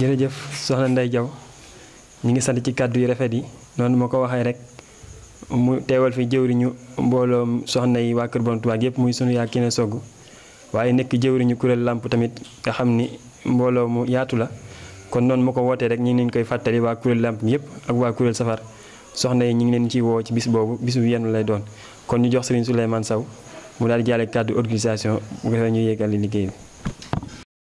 jërëjëf soxna Ndeye jaw ñu ngi sant ci kàddu yi rafet yi noonu ma ko waxee rek mu teewal fi jëwriñu mbooloom soxna yi waa Kër Borom Touba yëpp muy sunu yaa Kine Sogg waaye nekk jëwriñu kuréel làmp tamit nga xam ni mbooloo mu yaatu la kon noonu ma ko wootee rek ñu ngi leen koy fàttali waa kuréel làmp yëpp ak waa kuréel safar soxna yi ñu ngi leen ciy woo ci bis boobu bis bu yenn lay doon kon ñu jox Serigne Souleymane saw mu daal di kàddu organisation ñu yéegal liggéey bi